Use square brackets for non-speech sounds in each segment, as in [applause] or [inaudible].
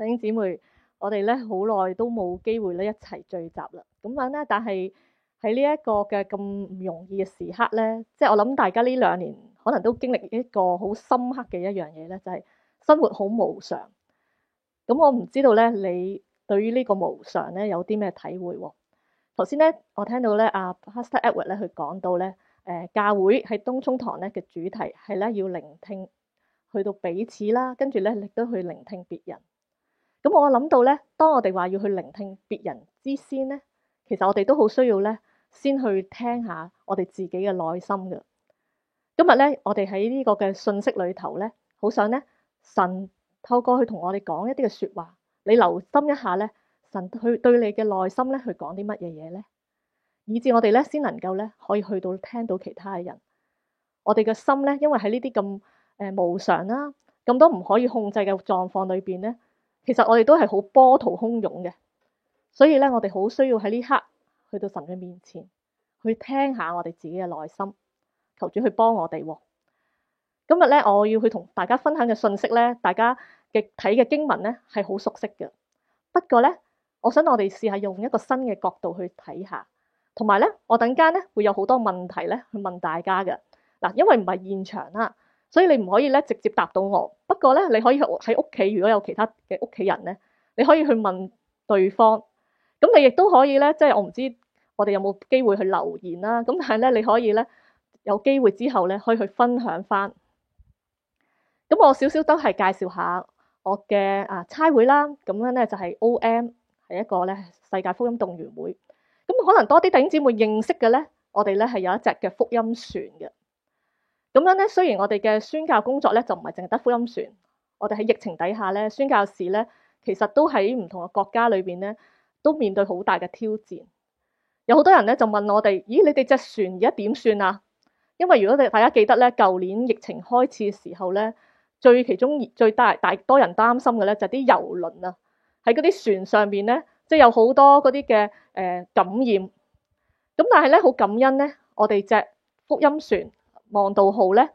弟兄姊妹，我哋咧好耐都冇機會咧一齊聚集啦。咁樣，但係喺呢一個嘅咁唔容易嘅時刻咧，即係我諗大家呢兩年可能都經歷一個好深刻嘅一樣嘢咧，就係、是、生活好無常。咁、嗯、我唔知道咧，你對於呢個無常咧有啲咩體會喎？頭先咧，我聽到咧阿 Pastor Edward 咧佢講到咧，誒、呃、教會喺東涌堂咧嘅主題係咧要聆聽，去到彼此啦，跟住咧亦都去聆聽別人。咁我諗到咧，當我哋話要去聆聽別人之先咧，其實我哋都好需要咧，先去聽下我哋自己嘅內心嘅。今日咧，我哋喺呢個嘅信息裏頭咧，好想咧神透過去同我哋講一啲嘅說話，你留心一下咧，神去對你嘅內心咧去講啲乜嘢嘢咧，以至我哋咧先能夠咧可以去到聽到其他嘅人，我哋嘅心咧，因為喺呢啲咁誒無常啦、啊，咁多唔可以控制嘅狀況裏邊咧。其實我哋都係好波濤洶湧嘅，所以咧我哋好需要喺呢刻去到神嘅面前，去聽下我哋自己嘅內心，求主去幫我哋。今日咧我要去同大家分享嘅信息咧，大家嘅睇嘅經文咧係好熟悉嘅，不過咧我想我哋試下用一個新嘅角度去睇下，同埋咧我等間咧會有好多問題咧去問大家嘅。嗱，因為唔係現場啦。所以你唔可以咧直接答到我，不過咧你可以喺屋企如果有其他嘅屋企人咧，你可以去問對方。咁你亦都可以咧，即係我唔知我哋有冇機會去留言啦。咁但係咧，你可以咧有機會之後咧可以去分享返。咁我少少都係介紹下我嘅啊差會啦。咁樣咧就係 OM 係一個咧世界福音動員會。咁可能多啲弟兄姊妹認識嘅咧，我哋咧係有一隻嘅福音船嘅。咁樣咧，雖然我哋嘅宣教工作咧就唔係淨係得福音船，我哋喺疫情底下咧，宣教士咧其實都喺唔同嘅國家裏邊咧，都面對好大嘅挑戰。有好多人咧就問我哋：咦，你哋隻船而家點算啊？因為如果你大家記得咧，舊年疫情開始嘅時候咧，最其中最大大多人擔心嘅咧就係啲遊輪啊，喺嗰啲船上邊咧，即係有好多嗰啲嘅誒感染。咁但係咧，好感恩咧，我哋隻福音船。望道號咧，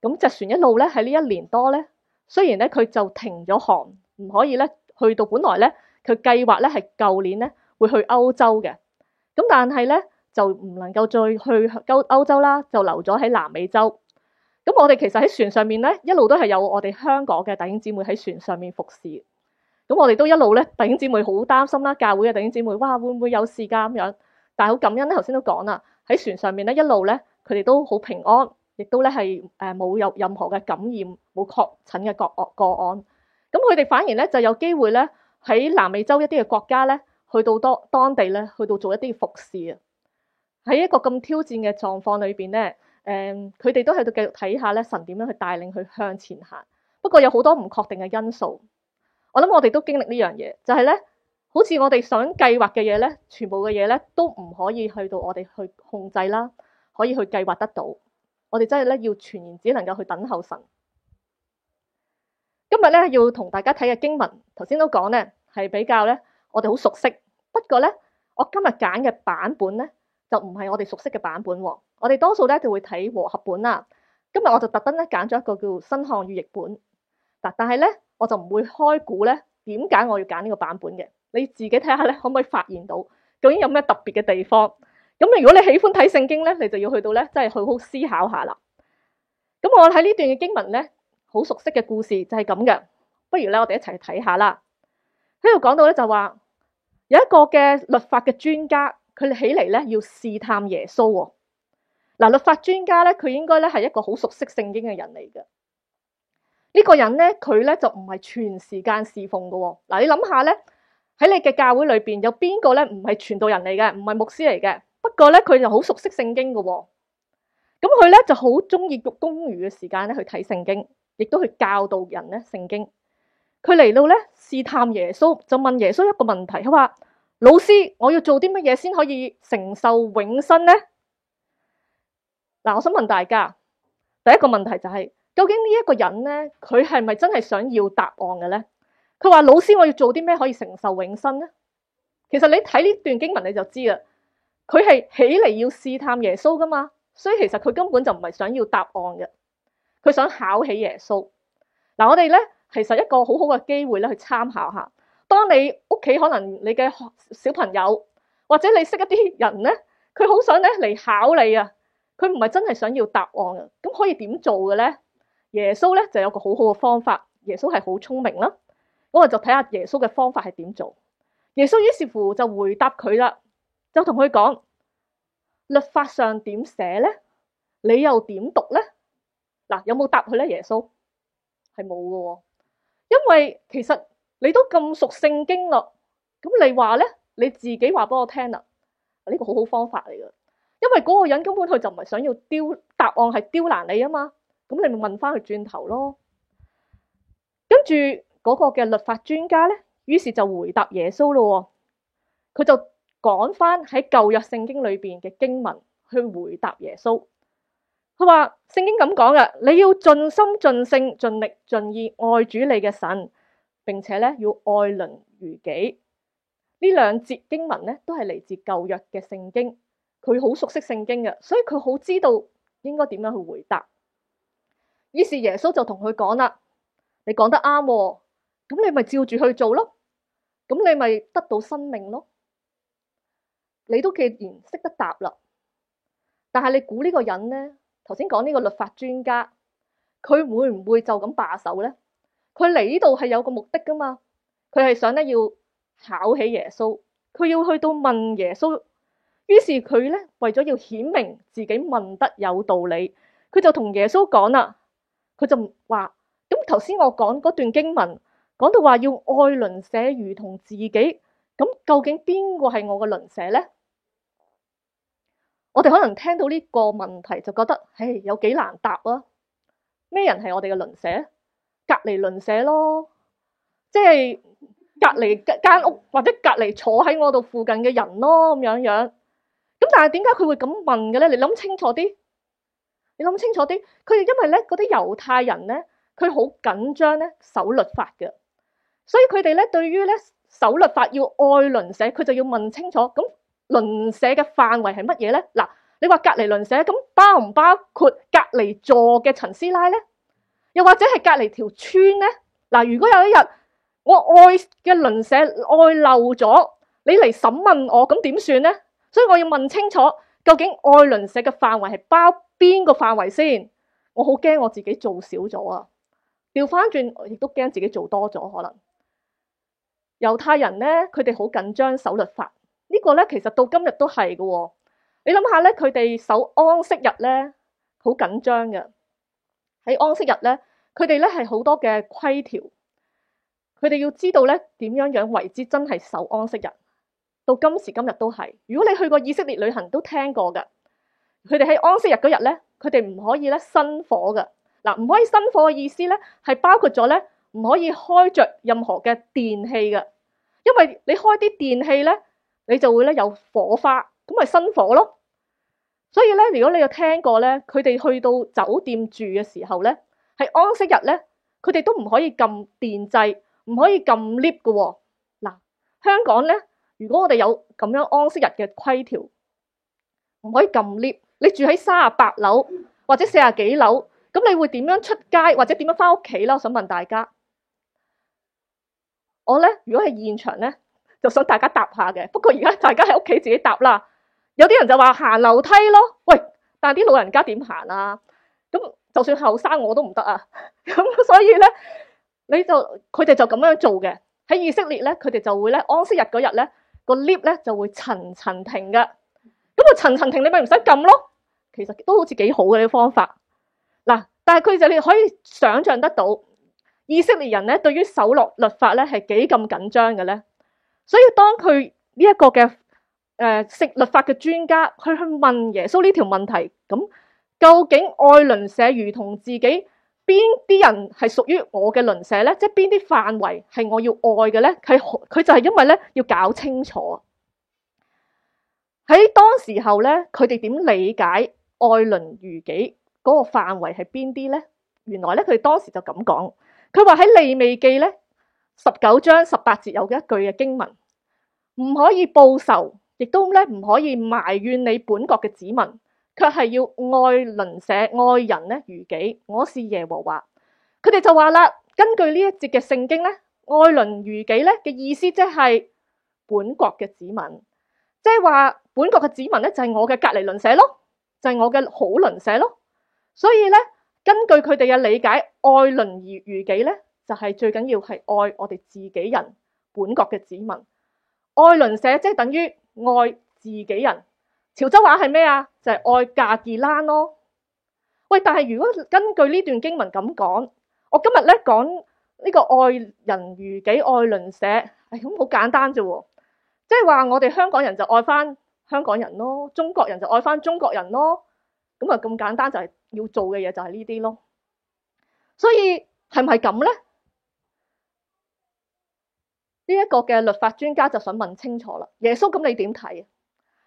咁隻船一路咧喺呢一年多咧，雖然咧佢就停咗航，唔可以咧去到本來咧佢計劃咧係舊年咧會去歐洲嘅，咁但係咧就唔能夠再去歐洲啦，就留咗喺南美洲。咁我哋其實喺船上面咧，一路都係有我哋香港嘅弟兄姊妹喺船上面服侍。咁我哋都一路咧，弟兄姊妹好擔心啦，教會嘅弟兄姊妹，哇會唔會有事㗎咁樣？但係好感恩咧，頭先都講啦，喺船上面咧一路咧。佢哋都好平安，亦都咧係誒冇有任何嘅感染，冇確診嘅個案個案。咁佢哋反而咧就有機會咧喺南美洲一啲嘅國家咧，去到多當地咧，去到做一啲服侍啊。喺一個咁挑戰嘅狀況裏邊咧，誒佢哋都喺度繼續睇下咧神點樣去帶領佢向前行。不過有好多唔確定嘅因素，我諗我哋都經歷呢樣嘢，就係咧好似我哋想計劃嘅嘢咧，全部嘅嘢咧都唔可以去到我哋去控制啦。可以去計劃得到，我哋真係咧要全然只能夠去等候神。今日咧要同大家睇嘅經文，頭先都講咧係比較咧，我哋好熟悉。不過咧，我今日揀嘅版本咧就唔係我哋熟悉嘅版本喎。我哋多數咧就會睇和合本啦。今日我就特登咧揀咗一個叫新漢語譯本。嗱，但係咧我就唔會開估咧點解我要揀呢個版本嘅，你自己睇下咧可唔可以發現到，究竟有咩特別嘅地方？咁如果你喜歡睇聖經咧，你就要去到咧，真係好好思考下啦。咁我喺呢段嘅經文咧，好熟悉嘅故事就係咁嘅。不如咧，我哋一齊睇下啦。喺度講到咧就話有一個嘅律法嘅專家，佢起嚟咧要試探耶穌，哦。嗱、呃，律法專家咧，佢應該咧係一個好熟悉聖經嘅人嚟嘅。呢、呢個人咧，佢咧就唔係全時間侍奉噶，哦。嗱、呃，你諗下咧，喺你嘅教會裏邊有邊個咧唔係傳道人嚟嘅，唔係牧師嚟嘅？不過咧，佢就好熟悉聖經㗎喎，咁佢咧就好中意用公餘嘅時間咧去睇聖經，亦都去教導人咧聖經。佢嚟到咧試探耶穌，就問耶穌一個問題：佢話老師，我要做啲乜嘢先可以承受永生咧？嗱，我想問大家，第一個問題就係、是、究竟呢一個人咧，佢係咪真係想要答案嘅咧？佢話老師，我要做啲咩可以承受永生咧？其實你睇呢段經文你就知啦。佢係起嚟要試探耶穌噶嘛，所以其實佢根本就唔係想要答案嘅，佢想考起耶穌。嗱、啊，我哋咧其實一個好好嘅機會咧去參考下，當你屋企可能你嘅小朋友或者你識一啲人咧，佢好想咧嚟考你啊，佢唔係真係想要答案嘅，咁可以點做嘅咧？耶穌咧就有個好好嘅方法，耶穌係好聰明啦，咁我就睇下耶穌嘅方法係點做。耶穌於是乎就回答佢啦。就同佢講，律法上點寫咧？你又點讀咧？嗱，有冇答佢咧？耶穌？係冇嘅，因為其實你都咁熟聖經咯，咁你話咧，你自己話俾我聽啦、啊，呢、這個好好方法嚟噶。因為嗰個人根本佢就唔係想要刁答案，係刁難你啊嘛。咁你咪問翻佢轉頭咯。跟住嗰、那個嘅律法專家咧，於是就回答耶穌咯、哦，佢就。講返喺舊約聖經裏邊嘅經文去回答耶穌，佢話聖經咁講嘅，你要盡心盡性盡力盡意愛主你嘅神，並且咧要愛鄰如己。呢兩節經文咧都係嚟自舊約嘅聖經，佢好熟悉聖經嘅，所以佢好知道應該點樣去回答。於是耶穌就同佢講啦：你講得啱喎，咁你咪照住去做咯，咁你咪得到生命咯。你都既然識得答啦，但係你估呢個人呢？頭先講呢個律法專家，佢會唔會就咁罷手呢？佢嚟呢度係有個目的噶嘛，佢係想呢要考起耶穌，佢要去到問耶穌。於是佢呢，為咗要顯明自己問得有道理，佢就同耶穌講啦，佢就話：「咁頭先我講嗰段經文，講到話要愛鄰舍如同自己，咁究竟邊個係我嘅鄰舍呢？」我哋可能聽到呢個問題就覺得，嘿，有幾難答啊？咩人係我哋嘅鄰舍？隔籬鄰舍咯，即係隔籬間屋或者隔籬坐喺我度附近嘅人咯，咁樣樣。咁但係點解佢會咁問嘅咧？你諗清楚啲，你諗清楚啲。佢哋因為咧嗰啲猶太人咧，佢好緊張咧守律法嘅，所以佢哋咧對於咧守律法要愛鄰舍，佢就要問清楚咁。鄰舍嘅範圍係乜嘢咧？嗱，你話隔離鄰舍咁，包唔包括隔離座嘅陳師奶咧？又或者係隔離條村咧？嗱，如果有一日我愛嘅鄰舍愛漏咗，你嚟審問我，咁點算咧？所以我要問清楚，究竟愛鄰舍嘅範圍係包邊個範圍先？我好驚我自己做少咗啊！調返轉，我亦都驚自己做多咗可能。猶太人咧，佢哋好緊張守律法。呢個咧，其實到今日都係嘅。你諗下咧，佢哋守安息日咧，好緊張嘅。喺安息日咧，佢哋咧係好多嘅規條，佢哋要知道咧點樣樣為之真係守安息日。到今時今日都係。如果你去過以色列旅行，都聽過嘅。佢哋喺安息日嗰日咧，佢哋唔可以咧生火嘅。嗱，唔可以生火嘅意思咧係包括咗咧唔可以開着任何嘅電器嘅，因為你開啲電器咧。你就會咧有火花，咁咪生火咯。所以咧，如果你有聽過咧，佢哋去到酒店住嘅時候咧，係安息日咧，佢哋都唔可以撳電掣，唔可以撳 lift 嘅喎。嗱，香港咧，如果我哋有咁樣安息日嘅規條，唔可以撳 lift，你住喺三十八樓或者四十幾樓，咁你會點樣出街或者點樣返屋企咧？我想問大家，我咧如果係現場咧。就想大家答下嘅，不過而家大家喺屋企自己搭啦。有啲人就話行樓梯咯，喂！但係啲老人家點行啊？咁就算後生我都唔得啊！咁所以咧，你就佢哋就咁樣做嘅。喺以色列咧，佢哋就會咧安息日嗰日咧個 lift 咧就會層層停嘅。咁啊層層停，你咪唔使撳咯。其實都好似幾好嘅啲方法。嗱，但係佢就你可以想象得到，以色列人咧對於守落律法咧係幾咁緊張嘅咧。所以當佢呢一個嘅誒食律法嘅專家，佢去問耶穌呢條問題，咁究竟愛鄰舍如同自己，邊啲人係屬於我嘅鄰舍咧？即係邊啲範圍係我要愛嘅咧？佢佢就係因為咧要搞清楚喺當時候咧，佢哋點理解愛鄰如己嗰個範圍係邊啲咧？原來咧佢哋當時就咁講，佢話喺利未記咧。十九章十八節有嘅一句嘅經文，唔可以報仇，亦都咧唔可以埋怨你本國嘅子民，卻係要愛鄰舍，愛人呢如己。我是耶和華。佢哋就話啦，根據呢一節嘅聖經咧，愛鄰如己咧嘅意思即係本國嘅子民，即係話本國嘅子民呢就係我嘅隔籬鄰舍咯，就係我嘅好鄰舍咯。所以呢，根據佢哋嘅理解，愛鄰如如己呢？就係最緊要係愛我哋自己人，本國嘅子民，愛鄰舍即係等於愛自己人。潮州話係咩啊？就係愛嫁兒郎咯。喂，但係如果根據呢段經文咁講，我今日咧講呢個愛人如己，愛鄰舍，哎，哎咁好簡單啫，即係話我哋香港人就愛翻香港人咯，中國人就愛翻中國人咯，咁啊咁簡單就係要做嘅嘢，就係呢啲咯。所以係咪咁呢？呢一個嘅律法專家就想問清楚啦。耶穌，咁你點睇？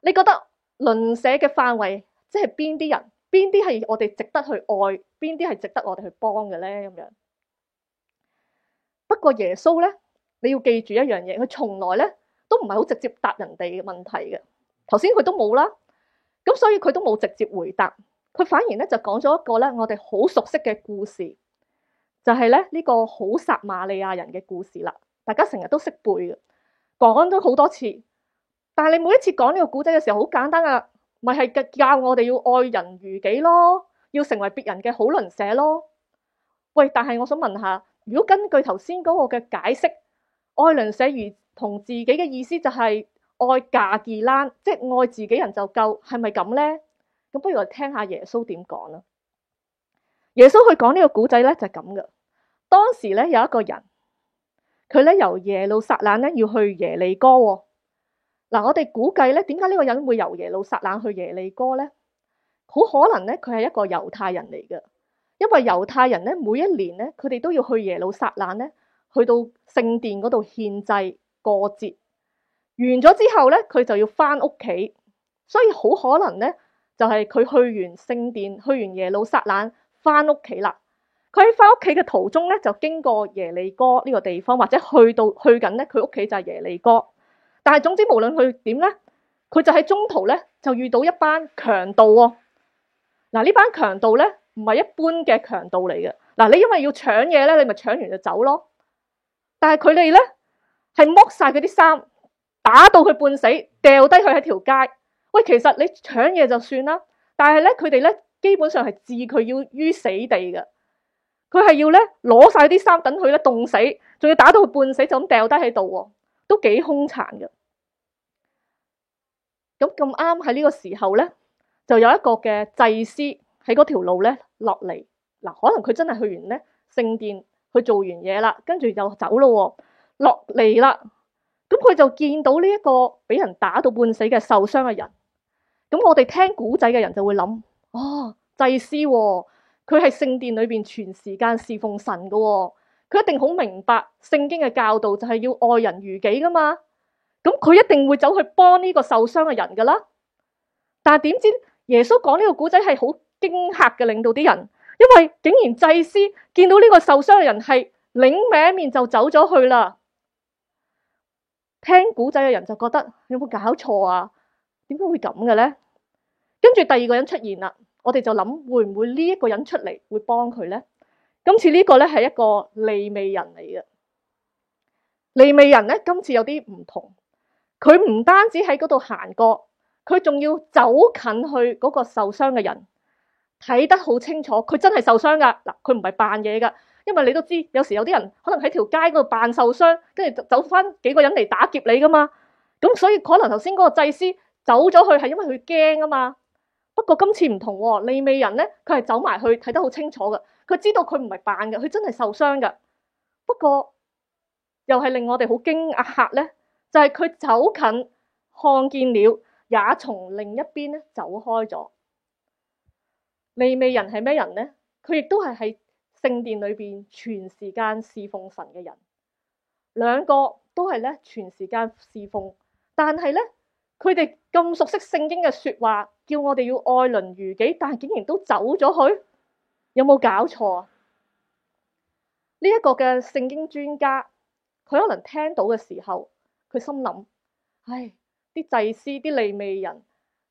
你覺得鄰舍嘅範圍即係邊啲人？邊啲係我哋值得去愛？邊啲係值得我哋去幫嘅咧？咁樣。不過耶穌咧，你要記住一樣嘢，佢從來咧都唔係好直接答人哋嘅問題嘅。頭先佢都冇啦，咁所以佢都冇直接回答，佢反而咧就講咗一個咧我哋好熟悉嘅故事，就係咧呢個好撒瑪利亞人嘅故事啦。大家成日都識背嘅，講咗好多次，但係你每一次講呢個古仔嘅時候，好簡單啊，咪係教我哋要愛人如己咯，要成為別人嘅好鄰舍咯。喂，但係我想問下，如果根據頭先嗰個嘅解釋，愛鄰舍如同自己嘅意思就係愛家己人，即係愛自己人就夠，係咪咁咧？咁不如我哋聽下耶穌點講啦。耶穌去講呢個古仔咧就係咁嘅，當時咧有一個人。佢咧由耶路撒冷咧要去耶利哥喎、哦，嗱我哋估計咧，點解呢個人會由耶路撒冷去耶利哥咧？好可能咧，佢係一個猶太人嚟㗎。因為猶太人咧每一年咧，佢哋都要去耶路撒冷咧，去到聖殿嗰度獻祭過節，完咗之後咧，佢就要返屋企，所以好可能咧，就係、是、佢去完聖殿，去完耶路撒冷，返屋企啦。佢喺翻屋企嘅途中咧，就經過耶利哥呢個地方，或者去到去緊咧，佢屋企就係耶利哥。但係總之，無論佢點咧，佢就喺中途咧就遇到一班強盜喎、哦。嗱、啊，呢班強盜咧唔係一般嘅強盜嚟嘅。嗱、啊，你因為要搶嘢咧，你咪搶完就走咯。但係佢哋咧係剝晒佢啲衫，打到佢半死，掉低佢喺條街。喂，其實你搶嘢就算啦，但係咧佢哋咧基本上係置佢要於死地嘅。佢係要咧攞晒啲衫等佢咧凍死，仲要打到佢半死就咁掉低喺度喎，都幾凶殘嘅。咁咁啱喺呢個時候咧，就有一個嘅祭司喺嗰條路咧落嚟嗱，可能佢真係去完咧聖殿去做完嘢啦，跟住又走咯，落嚟啦。咁佢就見到呢一個俾人打到半死嘅受傷嘅人。咁我哋聽古仔嘅人就會諗：哦，祭司，哦。佢係聖殿裏面全時間侍奉神噶、哦，佢一定好明白聖經嘅教導，就係要愛人如己噶嘛。咁佢一定會走去幫呢個受傷嘅人噶啦。但係點知耶穌講呢個古仔係好驚嚇嘅，令到啲人，因為竟然祭司見到呢個受傷嘅人係擰歪面就走咗去啦。聽古仔嘅人就覺得有冇搞錯啊？點解會咁嘅咧？跟住第二個人出現啦。我哋就諗會唔會呢一個人出嚟會幫佢呢？今次呢個呢係一個利未人嚟嘅，利未人呢，今次有啲唔同，佢唔單止喺嗰度行過，佢仲要走近去嗰個受傷嘅人，睇得好清楚，佢真係受傷噶。嗱，佢唔係扮嘢噶，因為你都知有時有啲人可能喺條街嗰度扮受傷，跟住走返幾個人嚟打劫你噶嘛，咁所以可能頭先嗰個祭司走咗去係因為佢驚啊嘛。不過今次唔同喎、哦，利未人呢，佢係走埋去睇得好清楚嘅，佢知道佢唔係扮嘅，佢真係受傷嘅。不過又係令我哋好驚嚇呢，就係、是、佢走近看見了，也從另一邊咧走開咗。利未人係咩人呢？佢亦都係喺聖殿裏邊全時間侍奉神嘅人，兩個都係呢，全時間侍奉，但係呢，佢哋咁熟悉聖經嘅説話。叫我哋要愛鄰如己，但係竟然都走咗去，有冇搞錯啊？呢一個嘅聖經專家，佢可能聽到嘅時候，佢心諗，唉，啲祭司、啲利未人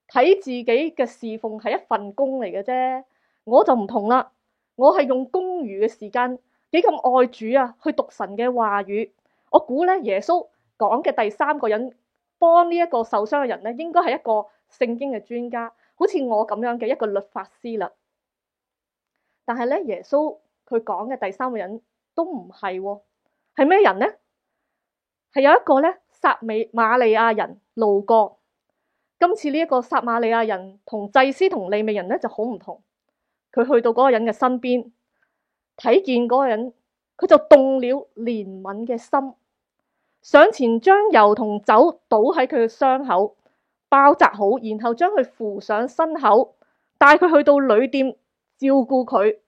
睇自己嘅侍奉係一份工嚟嘅啫，我就唔同啦，我係用公餘嘅時間，幾咁愛主啊，去讀神嘅話語。我估咧，耶穌講嘅第三個人幫呢一個受傷嘅人咧，應該係一個。聖經嘅專家，好似我咁樣嘅一個律法師啦。但係咧，耶穌佢講嘅第三個人都唔係喎，係咩人咧？係有一個咧，撒美馬利亞人路過。今次呢一個撒馬利亞人同祭司同利未人咧就好唔同。佢去到嗰個人嘅身邊，睇見嗰個人，佢就動了憐憫嘅心，上前將油同酒倒喺佢嘅傷口。包紮好，然後將佢扶上身口，帶佢去到旅店照顧佢。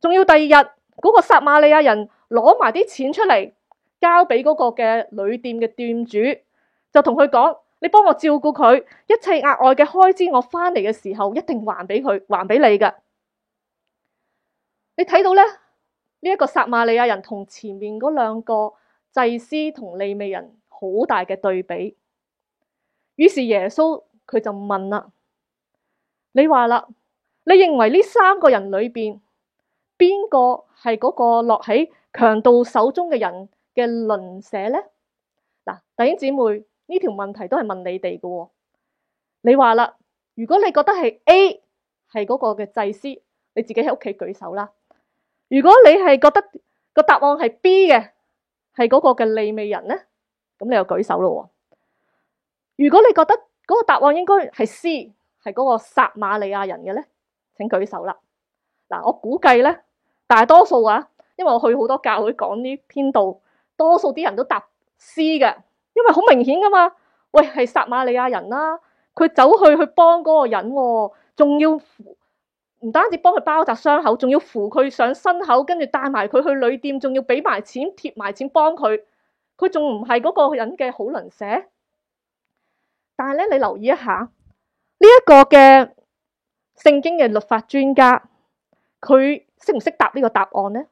仲要第二日，嗰個撒瑪利亞人攞埋啲錢出嚟，交俾嗰個嘅旅店嘅店主，就同佢講：你幫我照顧佢，一切額外嘅開支，我翻嚟嘅時候一定還俾佢，還俾你嘅。你睇到呢，呢一個撒瑪利亞人同前面嗰兩個祭司同利未人好大嘅對比。於是耶穌佢就問啦：你話啦，你認為呢三個人裏邊邊個係嗰個落喺強盜手中嘅人嘅鄰舍咧？嗱，弟兄姊妹，呢條問題都係問你哋噶喎。你話啦，如果你覺得係 A，係嗰個嘅祭司，你自己喺屋企舉手啦。如果你係覺得個答案係 B 嘅，係嗰個嘅利未人咧，咁你又舉手咯喎。如果你覺得嗰個答案應該係 C 係嗰個撒瑪利亞人嘅咧，請舉手啦！嗱，我估計咧大多數啊，因為我去好多教會講呢篇道，多數啲人都答 C 嘅，因為好明顯噶嘛，喂係撒瑪利亞人啦、啊，佢走去去幫嗰個人、喎，仲要扶，唔單止幫佢包紮傷口，仲要扶佢上身口，跟住帶埋佢去旅店，仲要畀埋錢貼埋錢幫佢，佢仲唔係嗰個人嘅好鄰舍？但係咧，你留意一下呢一，這個嘅聖經嘅律法專家，佢識唔識答呢個答案呢？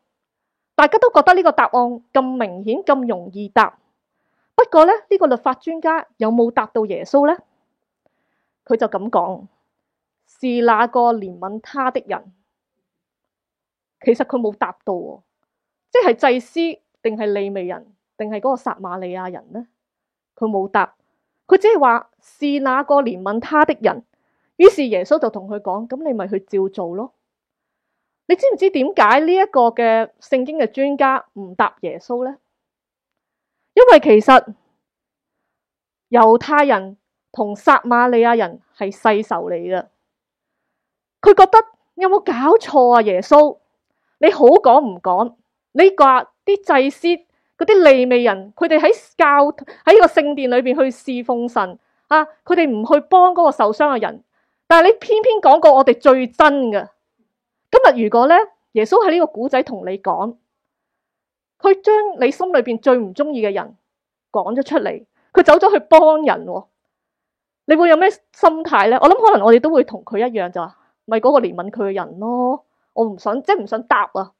大家都覺得呢個答案咁明顯，咁容易答。不過咧，呢、這個律法專家有冇答到耶穌咧？佢就咁講：「是那個憐憫他的人。」其實佢冇答到，即係祭司，定係利未人，定係嗰個撒瑪利亞人呢？佢冇答。佢只係話是那個憐憫他的人，於是耶穌就同佢講：咁你咪去照做咯。你知唔知點解呢一個嘅聖經嘅專家唔答耶穌呢？因為其實猶太人同撒瑪利亞人係世仇嚟嘅，佢覺得有冇搞錯啊？耶穌，你好講唔講？你話啲祭司？嗰啲利未人，佢哋喺教喺呢個聖殿裏面去侍奉神啊！佢哋唔去幫嗰個受傷嘅人，但係你偏偏講過我哋最真嘅。今日如果咧，耶穌喺呢個古仔同你講，佢將你心裏邊最唔中意嘅人講咗出嚟，佢走咗去幫人，哦，喎。你會有咩心態咧？我諗可能我哋都會同佢一樣就話，咪、就、嗰、是、個憐憫佢嘅人咯，我唔想即係唔想答啊，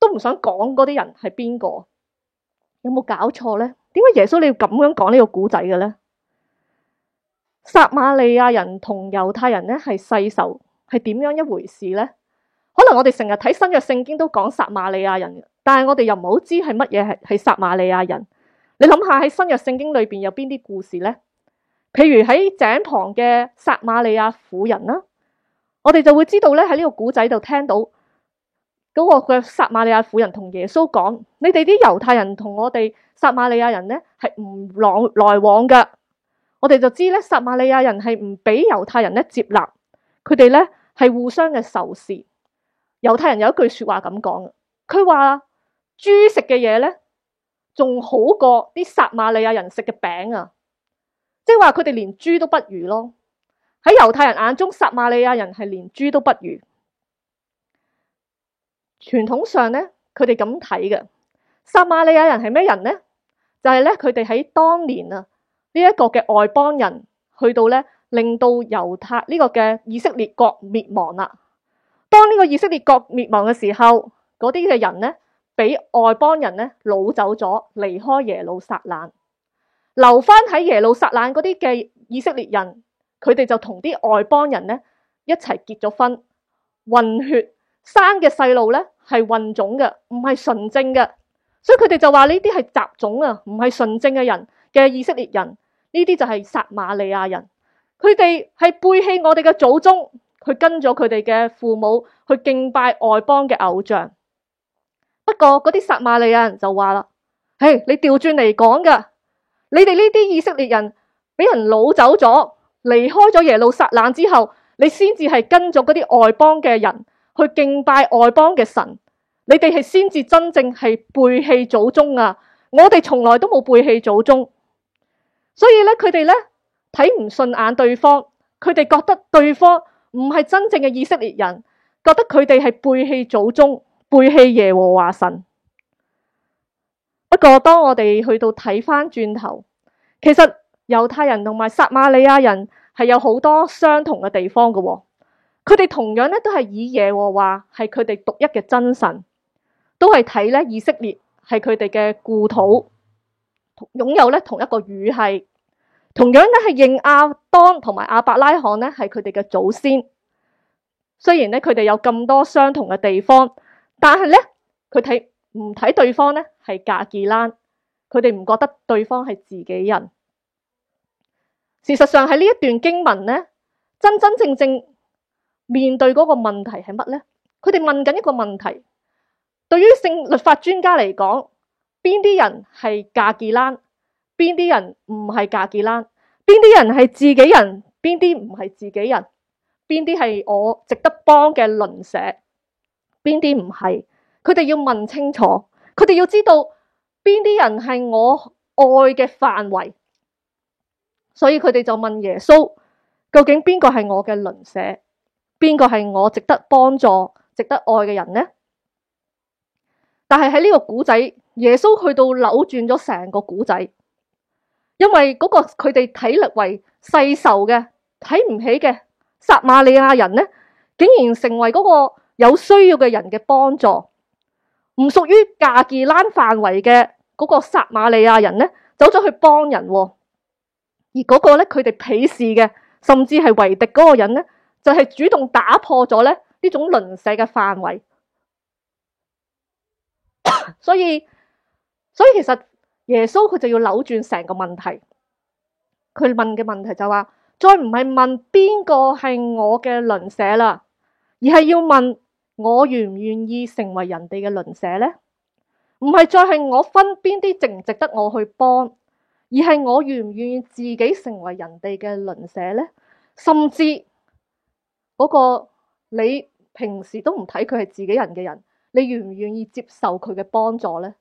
都唔想講嗰啲人係邊個。有冇搞錯咧？點解耶穌你要咁樣講呢個古仔嘅咧？撒瑪利亞人同猶太人咧係世仇，係點樣一回事咧？可能我哋成日睇新約聖經都講撒瑪利亞人，但係我哋又唔好知係乜嘢係係撒瑪利亞人。你諗下喺新約聖經裏邊有邊啲故事咧？譬如喺井旁嘅撒瑪利亞婦人啦，我哋就會知道咧喺呢個古仔度聽到。嗰個嘅撒瑪利亞婦人同耶穌講：你哋啲猶太人同我哋撒瑪利亞人咧係唔來往㗎。我哋就知咧，撒瑪利亞人係唔俾猶太人咧接納，佢哋咧係互相嘅仇視。猶太人有一句説話咁講，佢話：豬食嘅嘢咧，仲好過啲撒瑪利亞人食嘅餅啊！即係話佢哋連豬都不如咯。喺猶太人眼中，撒瑪利亞人係連豬都不如。傳統上咧，佢哋咁睇嘅撒瑪利亞人係咩人咧？就係咧，佢哋喺當年啊呢一個嘅外邦人去到咧，令到猶太呢個嘅以色列國滅亡啦。當呢個以色列國滅亡嘅時候，嗰啲嘅人咧，俾外邦人咧擄走咗，離開耶路撒冷，留翻喺耶路撒冷嗰啲嘅以色列人，佢哋就同啲外邦人咧一齊結咗婚，混血。生嘅細路呢係混種嘅，唔係純正嘅，所以佢哋就話呢啲係雜種啊，唔係純正嘅人嘅以色列人，呢啲就係撒瑪利亞人。佢哋係背棄我哋嘅祖宗，去跟咗佢哋嘅父母去敬拜外邦嘅偶像。不過嗰啲撒瑪利亞人就話啦：嘿，你調轉嚟講噶，你哋呢啲以色列人俾人擄走咗，離開咗耶路撒冷之後，你先至係跟咗嗰啲外邦嘅人。去敬拜外邦嘅神，你哋係先至真正係背棄祖宗啊！我哋從來都冇背棄祖宗，所以呢，佢哋呢睇唔順眼對方，佢哋覺得對方唔係真正嘅以色列人，覺得佢哋係背棄祖宗、背棄耶和華神。不過，當我哋去到睇翻轉頭，其實猶太人同埋撒瑪利亞人係有好多相同嘅地方㗎喎。佢哋同樣咧都係以耶和華係佢哋獨一嘅真神，都係睇咧以色列係佢哋嘅故土，擁有咧同一個語系，同樣咧係認亞當同埋亞伯拉罕咧係佢哋嘅祖先。雖然咧佢哋有咁多相同嘅地方，但係咧佢睇唔睇對方咧係隔籬鄰，佢哋唔覺得對方係自己人。事實上喺呢一段經文咧，真真正正。面對嗰個問題係乜呢？佢哋問緊一個問題，對於性律法專家嚟講，邊啲人係嫁接蘭？邊啲人唔係嫁接蘭？邊啲人係自己人？邊啲唔係自己人？邊啲係我值得幫嘅鄰舍？邊啲唔係？佢哋要問清楚，佢哋要知道邊啲人係我愛嘅範圍，所以佢哋就問耶穌：究竟邊個係我嘅鄰舍？邊個係我值得幫助、值得愛嘅人呢？但係喺呢個古仔，耶穌去到扭轉咗成個古仔，因為嗰個佢哋睇嚟，為世仇嘅、睇唔起嘅撒瑪利亞人呢，竟然成為嗰個有需要嘅人嘅幫助，唔屬於迦利蘭範圍嘅嗰個撒瑪利亞人呢，走咗去幫人，哦，而嗰個呢，佢哋鄙視嘅，甚至係為敵嗰個人呢？就係主動打破咗咧呢種鄰舍嘅範圍， [coughs] 所以所以其實耶穌佢就要扭轉成個問題，佢問嘅問題就話，再唔係問邊個係我嘅鄰舍啦，而係要問我願唔願意成為人哋嘅鄰舍咧？唔係再係我分邊啲值唔值得我去幫，而係我願唔願意自己成為人哋嘅鄰舍咧？甚至嗰個你平時都唔睇佢係自己人嘅人，你願唔願意接受佢嘅幫助咧？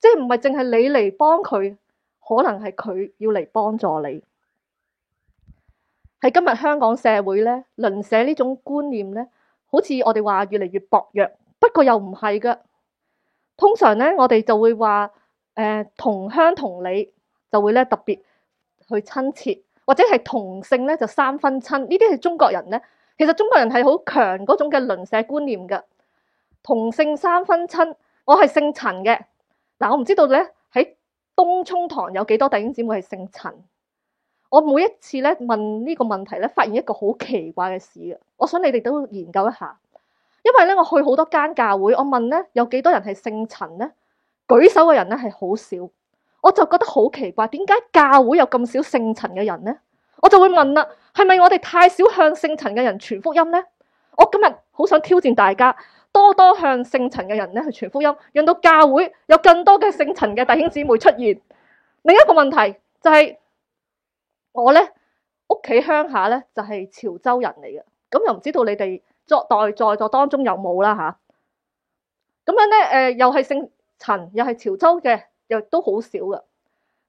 即係唔係淨係你嚟幫佢，可能係佢要嚟幫助你。喺今日香港社會咧，鄰舍呢種觀念咧，好似我哋話越嚟越薄弱。不過又唔係噶，通常咧我哋就會話誒、呃，同鄉同里就會咧特別去親切，或者係同姓咧就三分親。呢啲係中國人咧。其實中國人係好強嗰種嘅鄰舍觀念嘅，同姓三分親。我係姓陳嘅，嗱我唔知道咧喺東涌堂有幾多弟兄姊妹係姓陳。我每一次咧問呢個問題咧，發現一個好奇怪嘅事。我想你哋都研究一下，因為咧我去好多間教會，我問咧有幾多人係姓陳咧，舉手嘅人咧係好少，我就覺得好奇怪，點解教會有咁少姓陳嘅人呢？我就會問啦，係咪我哋太少向姓陳嘅人傳福音咧？我今日好想挑戰大家，多多向姓陳嘅人咧去傳福音，讓到教會有更多嘅姓陳嘅弟兄姊妹出現。另一個問題就係、是、我咧屋企鄉下咧就係、是、潮州人嚟嘅，咁又唔知道你哋作代在座當中有冇啦吓？咁、啊、樣咧，誒、呃，又係姓陳，又係潮州嘅，又都好少噶。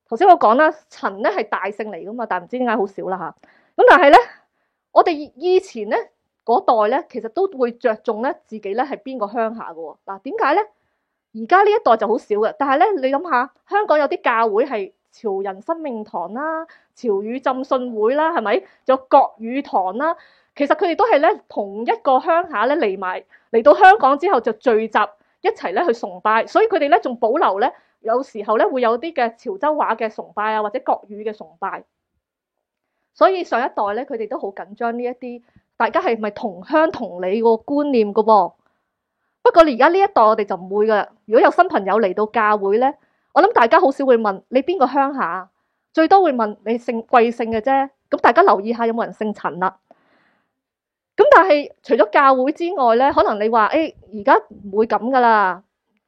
頭先我講啦，陳咧係大姓嚟噶嘛，但唔知點解好少啦嚇。咁但係咧，我哋以前咧嗰代咧，其實都會着重咧自己咧係邊個鄉下噶喎。嗱，點解咧？而家呢一代就好少嘅。但係咧，你諗下，香港有啲教會係潮人生命堂啦、潮語浸信會啦，係咪？仲有國語堂啦，其實佢哋都係咧同一個鄉下咧嚟埋嚟到香港之後就聚集一齊咧去崇拜，所以佢哋咧仲保留咧。有時候咧，會有啲嘅潮州話嘅崇拜啊，或者國語嘅崇拜，所以上一代咧，佢哋都好緊張呢一啲，大家係咪同鄉同里個觀念嘅噃？不過你而家呢一代，我哋就唔會噶啦。如果有新朋友嚟到教會咧，我諗大家好少會問你邊個鄉下，最多會問你姓貴姓嘅啫。咁大家留意下有冇人姓陳啦。咁但係除咗教會之外咧，可能你話誒，而家唔會咁噶啦。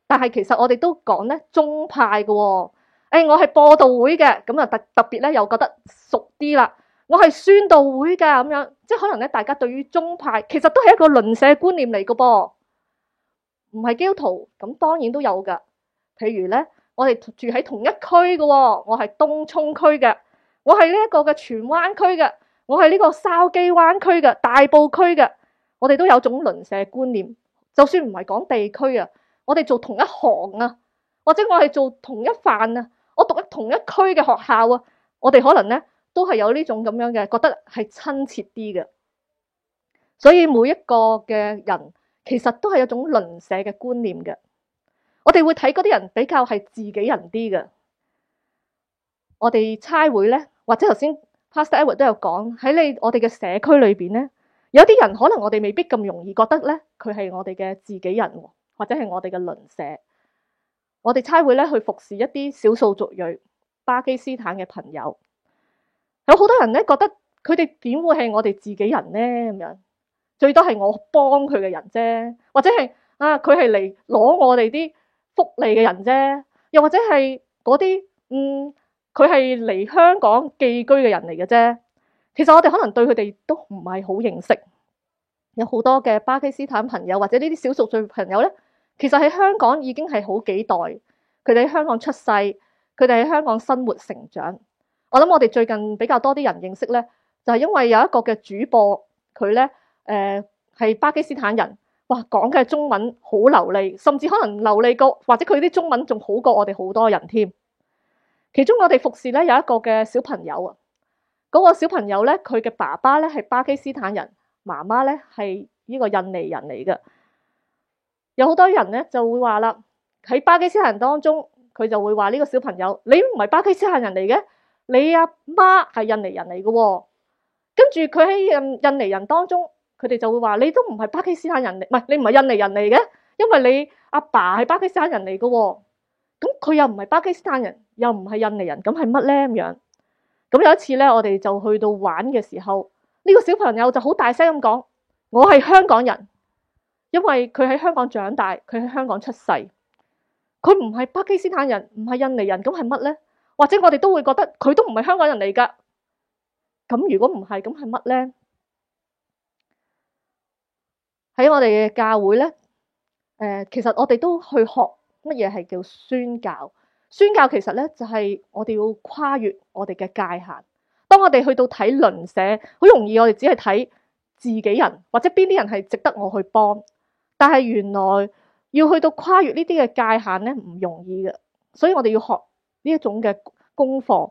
但係其實我哋都講咧宗派嘅，哦，誒、哎，我係播道會嘅，咁啊特特別咧又覺得熟啲啦。我係宣道會嘅，咁樣，即係可能咧大家對於宗派其實都係一個鄰舍觀念嚟噶噃，唔係基督徒咁，當然都有噶。譬如咧，我哋住喺同一區嘅，哦，我係東涌區嘅，我係呢一個嘅荃灣區嘅，我係呢個筲箕灣區嘅大埔區嘅，我哋都有種鄰舍觀念。就算唔係講地區啊，我哋做同一行啊，或者我係做同一範啊，我讀一同一區嘅學校啊，我哋可能咧都係有呢種咁樣嘅覺得係親切啲嘅。所以每一個嘅人其實都係有一種鄰舍嘅觀念嘅。我哋會睇嗰啲人比較係自己人啲嘅。我哋差會咧，或者頭先 pastor 都有講，喺你我哋嘅社區裏邊咧，有啲人可能我哋未必咁容易覺得咧，佢係我哋嘅自己人。或者係我哋嘅鄰舍，我哋差會咧去服侍一啲少數族裔巴基斯坦嘅朋友，有好多人咧覺得佢哋點會係我哋自己人咧咁樣，最多係我幫佢嘅人啫，或者係啊佢係嚟攞我哋啲福利嘅人啫，又或者係嗰啲嗯佢係嚟香港寄居嘅人嚟嘅啫。其實我哋可能對佢哋都唔係好認識，有好多嘅巴基斯坦朋友或者呢啲少數族朋友咧。其實喺香港已經係好幾代，佢哋喺香港出世，佢哋喺香港生活成長。我諗我哋最近比較多啲人認識咧，就係因為有一個嘅主播，佢咧誒係巴基斯坦人，哇，講嘅中文好流利，甚至可能流利過，或者佢啲中文仲好過我哋好多人添。其中我哋服侍咧有一個嘅小朋友啊，嗰個小朋友咧，佢嘅爸爸咧係巴基斯坦人，媽媽咧係呢個印尼人嚟嘅。有好多人咧就會話啦，喺巴基斯坦人當中，佢就會話呢個小朋友，你唔係巴基斯坦人嚟嘅，你阿媽係印尼人嚟嘅喎。跟住佢喺印印尼人當中，佢哋就會話你都唔係巴基斯坦人嚟，唔係你唔係印尼人嚟嘅，因為你阿爸係巴基斯坦人嚟嘅喎。咁佢又唔係巴基斯坦人，又唔係印尼人，咁係乜咧咁樣？咁有一次咧，我哋就去到玩嘅時候，呢個小朋友就好大聲咁講：我係香港人。因為佢喺香港長大，佢喺香港出世，佢唔係巴基斯坦人，唔係印尼人，咁係乜咧？或者我哋都會覺得佢都唔係香港人嚟噶。咁如果唔係，咁係乜咧？喺我哋嘅教會咧，誒、呃，其實我哋都去學乜嘢係叫宣教。宣教其實咧就係、是、我哋要跨越我哋嘅界限。當我哋去到睇鄰舍，好容易我哋只係睇自己人，或者邊啲人係值得我去幫。但係原來要去到跨越呢啲嘅界限咧唔容易嘅，所以我哋要學呢一種嘅功課。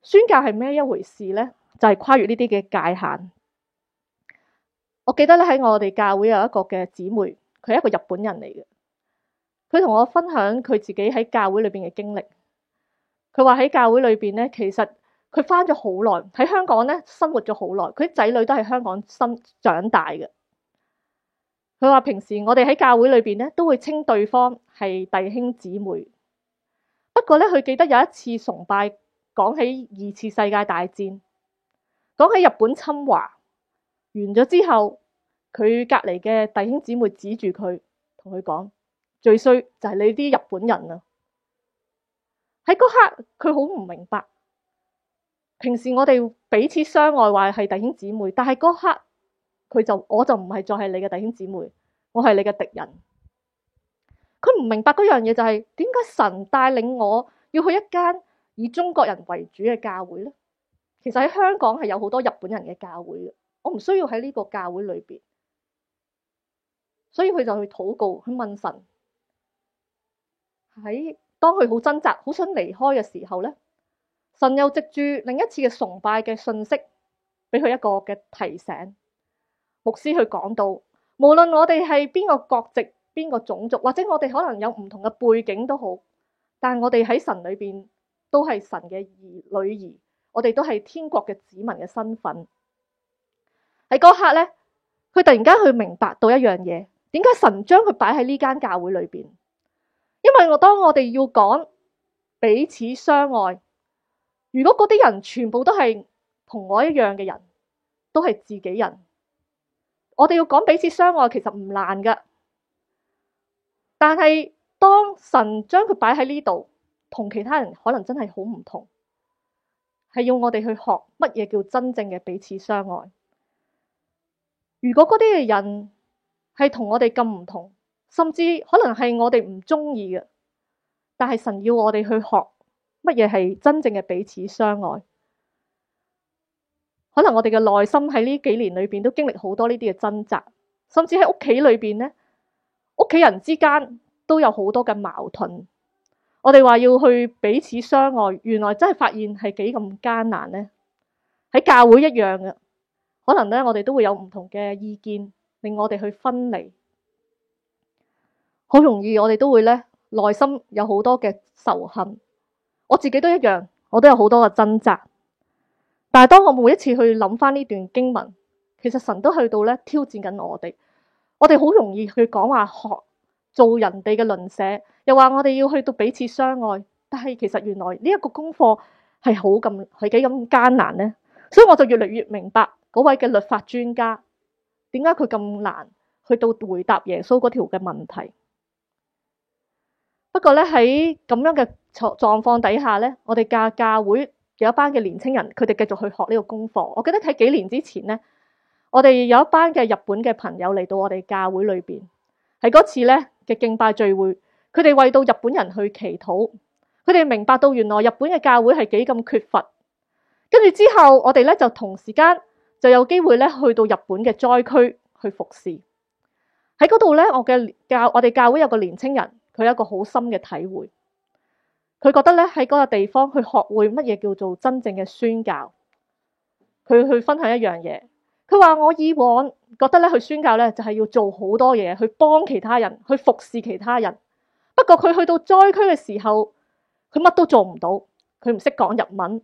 宣教係咩一回事咧？就係跨越呢啲嘅界限。我記得咧喺我哋教會有一個嘅姊妹，佢係一個日本人嚟嘅。佢同我分享佢自己喺教會裏邊嘅經歷。佢話喺教會裏邊咧，其實佢翻咗好耐喺香港咧生活咗好耐，佢啲仔女都係香港生長大嘅。佢話平時我哋喺教會裏邊咧都會稱對方係弟兄姊妹，不過咧佢記得有一次崇拜，講起二次世界大戰，講起日本侵華完咗之後，佢隔籬嘅弟兄姊妹指住佢，同佢講「最衰就係你啲日本人啊。」喺嗰刻佢好唔明白，平時我哋彼此相愛，話係弟兄姊妹，但係嗰刻。佢就我就唔係再係你嘅弟兄姊妹，我係你嘅敵人。佢唔明白嗰樣嘢就係點解神帶領我要去一間以中國人為主嘅教會咧？其實喺香港係有好多日本人嘅教會嘅，我唔需要喺呢個教會裏邊。所以佢就去禱告，去問神。喺當佢好掙扎、好想離開嘅時候咧，神又藉住另一次嘅崇拜嘅信息，俾佢一個嘅提醒。牧師去講到，無論我哋係邊個國籍、邊個種族，或者我哋可能有唔同嘅背景都好，但係我哋喺神裏邊都係神嘅兒女兒，我哋都係天國嘅子民嘅身份。喺嗰刻咧，佢突然間去明白到一樣嘢，點解神將佢擺喺呢間教會裏邊？因為我當我哋要講彼此相愛，如果嗰啲人全部都係同我一樣嘅人，都係自己人。我哋要講彼此相愛，其實唔難㗎。但係當神將佢擺喺呢度，同其他人可能真係好唔同，係要我哋去學乜嘢叫真正嘅彼此相愛。如果嗰啲嘅人係同我哋咁唔同，甚至可能係我哋唔中意嘅，但係神要我哋去學乜嘢係真正嘅彼此相愛。可能我哋嘅內心喺呢幾年裏邊都經歷好多呢啲嘅掙扎，甚至喺屋企裏邊咧，屋企人之間都有好多嘅矛盾。我哋話要去彼此相愛，原來真係發現係幾咁艱難咧。喺教會一樣嘅，可能咧我哋都會有唔同嘅意見，令我哋去分離。好容易我哋都會咧，內心有好多嘅仇恨。我自己都一樣，我都有好多嘅掙扎。但係當我每一次去諗翻呢段經文，其實神都去到咧挑戰緊我哋。我哋好容易去講話學做人哋嘅鄰舍，又話我哋要去到彼此相愛。但係其實原來呢一個功課係好咁係幾咁艱難呢？所以我就越嚟越明白嗰位嘅律法專家點解佢咁難去到回答耶穌嗰條嘅問題。不過咧喺咁樣嘅狀況底下咧，我哋教教會。有一班嘅年青人，佢哋繼續去學呢個功課。我記得喺幾年之前咧，我哋有一班嘅日本嘅朋友嚟到我哋教會裏邊，喺嗰次咧嘅敬拜聚會，佢哋為到日本人去祈禱，佢哋明白到原來日本嘅教會係幾咁缺乏。跟住之後，我哋咧就同時間就有機會咧去到日本嘅災區去服侍。喺嗰度咧，我嘅教我哋教會有個年青人，佢有一個好深嘅體會。佢覺得咧喺嗰個地方去學會乜嘢叫做真正嘅宣教，佢去分享一樣嘢。佢話：我以往覺得咧去宣教咧就係要做好多嘢，去幫其他人，去服侍其他人。不過佢去到災區嘅時候，佢乜都做唔到，佢唔識講日文，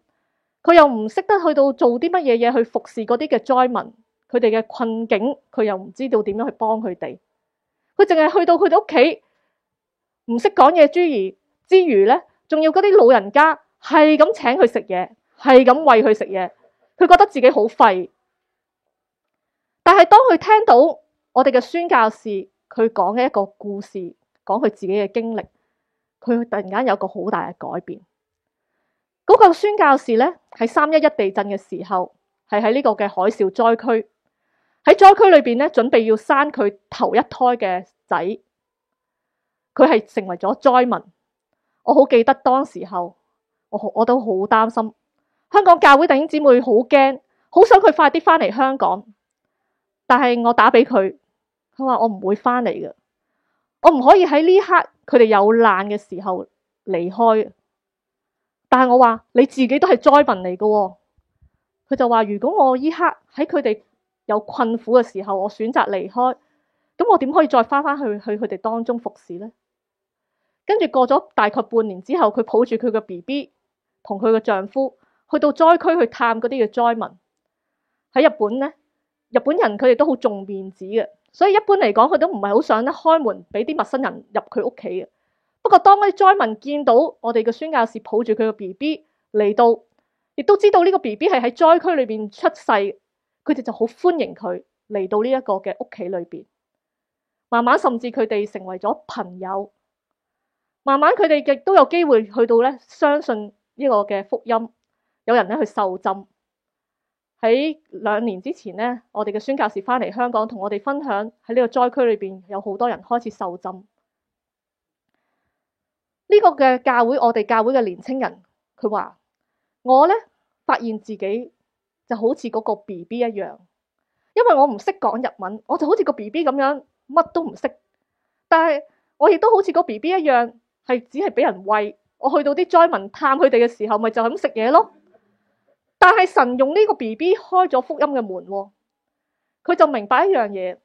佢又唔識得去到做啲乜嘢嘢去服侍嗰啲嘅災民，佢哋嘅困境，佢又唔知道點樣去幫佢哋。佢淨係去到佢哋屋企，唔識講嘢之餘，之餘咧。仲要嗰啲老人家係咁請佢食嘢，係咁餵佢食嘢，佢覺得自己好廢。但係當佢聽到我哋嘅宣教士佢講嘅一個故事，講佢自己嘅經歷，佢突然間有個好大嘅改變。嗰個宣教士咧，喺三一一地震嘅時候，係喺呢個嘅海嘯災區，喺災區裏邊咧，準備要生佢頭一胎嘅仔，佢係成為咗災民。我好記得當時候，我我都好擔心，香港教會弟兄姊妹好驚，好想佢快啲返嚟香港。但係我打畀佢，佢話我唔會返嚟嘅，我唔可以喺呢刻佢哋有難嘅時候離開。但係我話你自己都係災民嚟嘅喎，佢就話如果我呢刻喺佢哋有困苦嘅時候，我選擇離開，咁我點可以再翻返去去佢哋當中服侍咧？跟住過咗大概半年之後，佢抱住佢個 B B 同佢個丈夫去到災區去探嗰啲嘅災民。喺日本咧，日本人佢哋都好重面子嘅，所以一般嚟講佢都唔係好想咧開門俾啲陌生人入佢屋企嘅。不過當啲災民見到我哋嘅宣教士抱住佢個 B B 嚟到，亦都知道呢個 B B 係喺災區裏邊出世，佢哋就好歡迎佢嚟到呢一個嘅屋企裏邊。慢慢甚至佢哋成為咗朋友。慢慢佢哋亦都有機會去到咧，相信呢個嘅福音，有人咧去受浸。喺兩年之前咧，我哋嘅宣教士翻嚟香港，同我哋分享喺呢個災區裏邊，有好多人開始受浸。呢個嘅教會，我哋教會嘅年青人，佢話我咧發現自己就好似嗰個 B B 一樣，因為我唔識講日文，我就好似個 B B 咁樣乜都唔識，但係我亦都好似個 B B 一樣。係只係畀人餵，我去到啲災民探佢哋嘅時候，咪就咁食嘢咯。但係神用呢個 B B 開咗福音嘅門，佢就明白一樣嘢。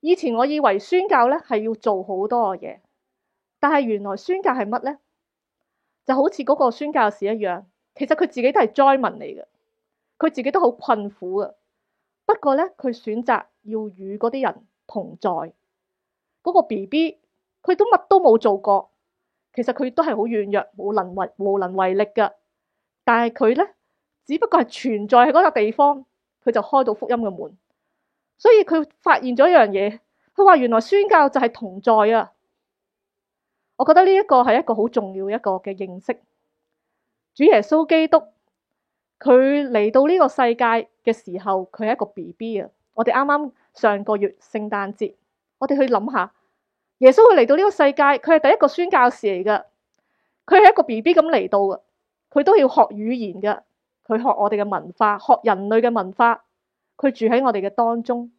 以前我以為宣教咧係要做好多嘅嘢，但係原來宣教係乜咧？就好似嗰個宣教士一樣，其實佢自己都係災民嚟嘅，佢自己都好困苦啊。不過咧，佢選擇要與嗰啲人同在。嗰個 B B，佢都乜都冇做過。其實佢都係好軟弱，無能為無能為力噶但係佢咧，只不過係存在喺嗰個地方，佢就開到福音嘅門。所以佢發現咗一樣嘢，佢話原來宣教就係同在啊！我覺得呢一個係一個好重要一個嘅認識。主耶穌基督，佢嚟到呢個世界嘅時候，佢係一個 BB 啊！我哋啱啱上個月聖誕節，我哋去諗下。耶穌佢嚟到呢個世界，佢係第一個宣教士嚟㗎。佢係一個 B B 咁嚟到啊，佢都要學語言㗎，佢學我哋嘅文化，學人類嘅文化。佢住喺我哋嘅當中。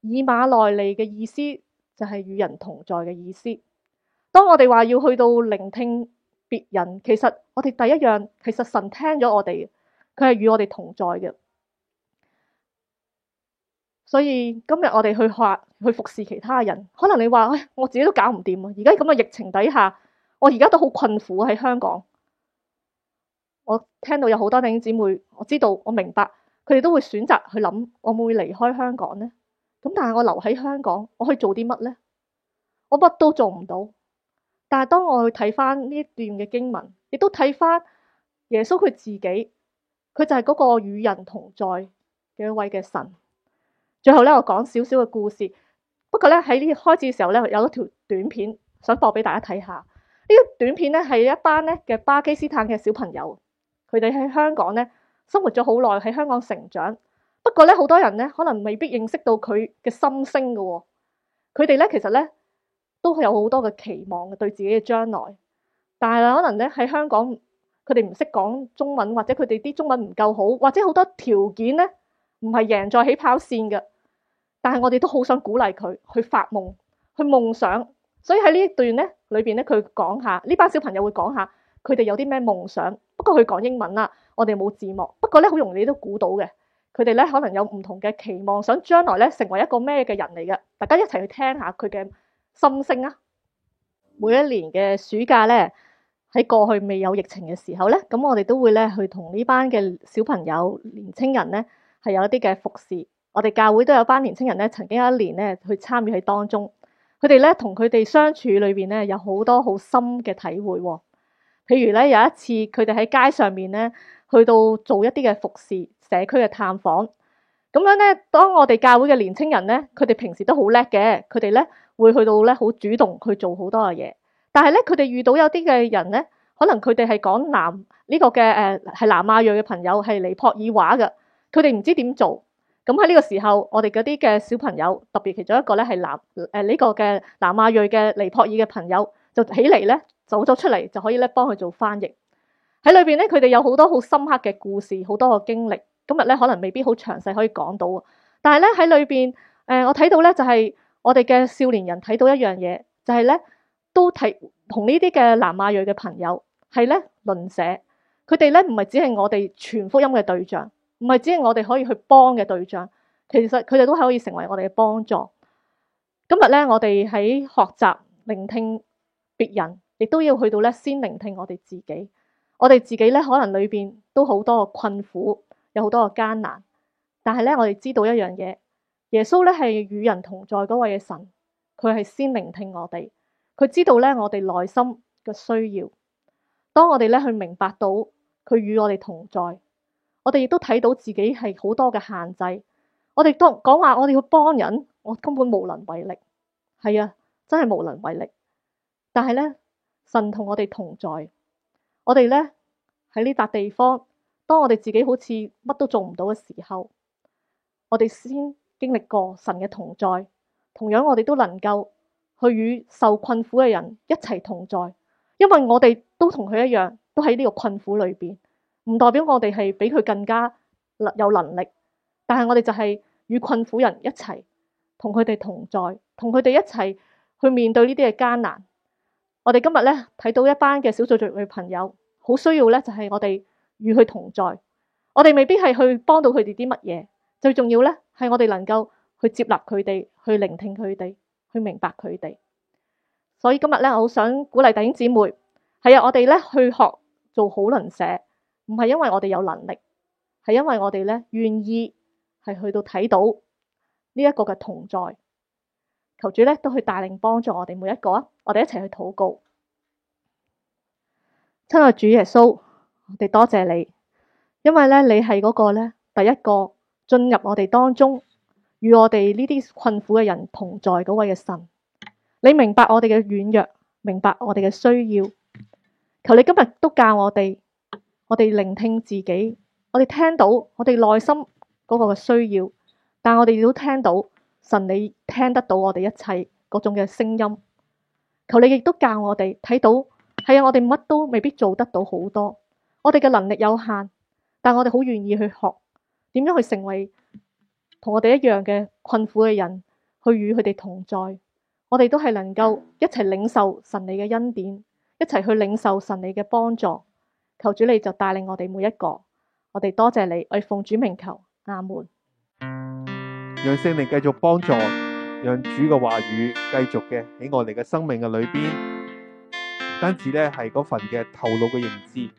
以馬內利嘅意思就係、是、與人同在嘅意思。當我哋話要去到聆聽別人，其實我哋第一樣，其實神聽咗我哋，佢係與我哋同在嘅。所以今日我哋去學去服侍其他人，可能你話，喂、哎，我自己都搞唔掂啊！而家咁嘅疫情底下，我而家都好困苦喺香港。我聽到有好多弟兄姊妹，我知道我明白，佢哋都會選擇去諗，我會唔會離開香港呢？咁但係我留喺香港，我可以做啲乜呢？我乜都做唔到。但係當我去睇翻呢段嘅經文，亦都睇翻耶穌佢自己，佢就係嗰個與人同在嘅一位嘅神。最後咧，我講少少嘅故事。不過咧，喺呢開始嘅時候咧，有一條短片想播俾大家睇下。呢個短片咧係一班咧嘅巴基斯坦嘅小朋友，佢哋喺香港咧生活咗好耐，喺香港成長。不過咧，好多人咧可能未必認識到佢嘅心聲嘅。佢哋咧其實咧都有好多嘅期望，對自己嘅將來。但係可能咧喺香港，佢哋唔識講中文，或者佢哋啲中文唔夠好，或者好多條件咧。唔係贏在起跑線嘅，但係我哋都好想鼓勵佢去發夢，去夢想。所以喺呢一段咧裏邊咧，佢講下呢班小朋友會講下佢哋有啲咩夢想。不過佢講英文啦，我哋冇字幕。不過咧，好容易都估到嘅，佢哋咧可能有唔同嘅期望，想將來咧成為一個咩嘅人嚟嘅。大家一齊去聽下佢嘅心聲啊！每一年嘅暑假咧，喺過去未有疫情嘅時候咧，咁我哋都會咧去同呢班嘅小朋友、年青人咧。係有一啲嘅服侍，我哋教會都有班年青人咧，曾經有一年咧去參與喺當中。佢哋咧同佢哋相處裏邊咧，有好多好深嘅體會、哦。譬如咧有一次，佢哋喺街上面咧去到做一啲嘅服侍社區嘅探訪。咁樣咧，當我哋教會嘅年青人咧，佢哋平時都好叻嘅，佢哋咧會去到咧好主動去做好多嘅嘢。但係咧，佢哋遇到有啲嘅人咧，可能佢哋係講南呢、這個嘅誒係南亞裔嘅朋友係尼泊爾話嘅。佢哋唔知點做，咁喺呢個時候，我哋嗰啲嘅小朋友特別其中一個咧係南誒呢、呃這個嘅南亞裔嘅尼泊爾嘅朋友就起嚟咧，走咗出嚟就可以咧幫佢做翻譯喺裏邊咧。佢哋有好多好深刻嘅故事，好多個經歷。今日咧可能未必好詳細可以講到，但係咧喺裏邊誒，我睇到咧就係、是、我哋嘅少年人睇到一樣嘢，就係、是、咧都睇同呢啲嘅南亞裔嘅朋友係咧鄰舍，佢哋咧唔係只係我哋傳福音嘅對象。唔係只係我哋可以去幫嘅對象，其實佢哋都係可以成為我哋嘅幫助。今日咧，我哋喺學習聆聽別人，亦都要去到咧先聆聽我哋自己。我哋自己咧可能裏邊都好多嘅困苦，有好多嘅艱難。但係咧，我哋知道一樣嘢，耶穌咧係與人同在嗰位嘅神，佢係先聆聽我哋，佢知道咧我哋內心嘅需要。當我哋咧去明白到佢與我哋同在。我哋亦都睇到自己係好多嘅限制，我哋都講話我哋要幫人，我根本無能為力，係啊，真係無能為力。但係咧，神同我哋同在，我哋咧喺呢笪地方，當我哋自己好似乜都做唔到嘅時候，我哋先經歷過神嘅同在。同樣，我哋都能夠去與受困苦嘅人一齊同在，因為我哋都同佢一樣，都喺呢個困苦裏邊。唔代表我哋係比佢更加有能力，但係我哋就係與困苦人一齊，同佢哋同在，同佢哋一齊去面對呢啲嘅艱難。我哋今日咧睇到一班嘅小組聚會朋友，好需要咧就係我哋與佢同在。我哋未必係去幫到佢哋啲乜嘢，最重要咧係我哋能夠去接納佢哋，去聆聽佢哋，去明白佢哋。所以今日咧，我好想鼓勵弟兄姊妹，係啊，我哋咧去學做好鄰舍。唔係因為我哋有能力，係因為我哋咧願意係去到睇到呢一個嘅同在。求主咧都去帶領幫助我哋每一個啊！我哋一齊去禱告。親愛主耶穌，我哋多謝你，因為咧你係嗰個咧第一個進入我哋當中，與我哋呢啲困苦嘅人同在嗰位嘅神。你明白我哋嘅軟弱，明白我哋嘅需要。求你今日都教我哋。我哋聆聽自己，我哋聽到，我哋內心嗰個嘅需要，但我哋亦都聽到神你聽得到我哋一切嗰種嘅聲音。求你亦都教我哋睇到，係啊，我哋乜都未必做得到好多，我哋嘅能力有限，但我哋好願意去學，點樣去成為同我哋一樣嘅困苦嘅人，去與佢哋同在。我哋都係能夠一齊領受神你嘅恩典，一齊去領受神你嘅幫助。求主你就帶領我哋每一個，我哋多謝你，我哋奉主名求阿門。讓聖靈繼續幫助，讓主嘅話語繼續嘅喺我哋嘅生命嘅裏邊，唔單止咧係嗰份嘅頭腦嘅認知，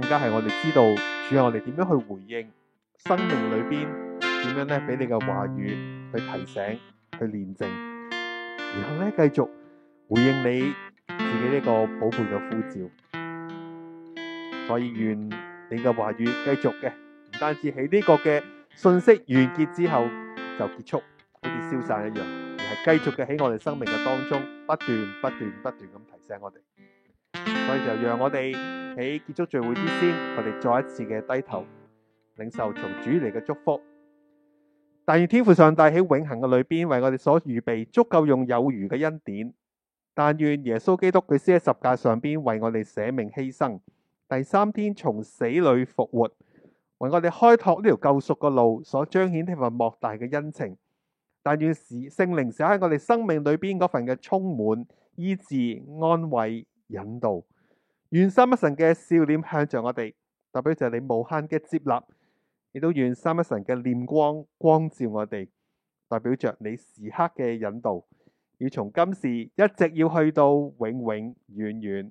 更加係我哋知道主要我哋點樣去回應生命裏邊點樣咧，俾你嘅話語去提醒、去煉淨，然後咧繼續回應你自己呢個寶貝嘅呼召。所以願你嘅話語繼續嘅，唔單止喺呢個嘅信息完結之後就結束，好似消散一樣，而係繼續嘅喺我哋生命嘅當中不斷不斷不斷咁提醒我哋。所以就讓我哋喺結束聚會之先，我哋再一次嘅低頭領受從主嚟嘅祝福。但願天父上帝喺永恆嘅裏邊為我哋所預備足夠用有餘嘅恩典。但願耶穌基督佢先喺十架上邊為我哋捨命犧牲。第三天從死裏復活，為我哋開拓呢條救贖嘅路，所彰顯嘅係份莫大嘅恩情。但願時聖靈寫喺我哋生命裏邊嗰份嘅充滿醫治安慰引導。願三一神嘅笑臉向着我哋，代表着你無限嘅接納。亦都願三一神嘅念光光照我哋，代表着你時刻嘅引導，要從今時一直要去到永永遠遠遠。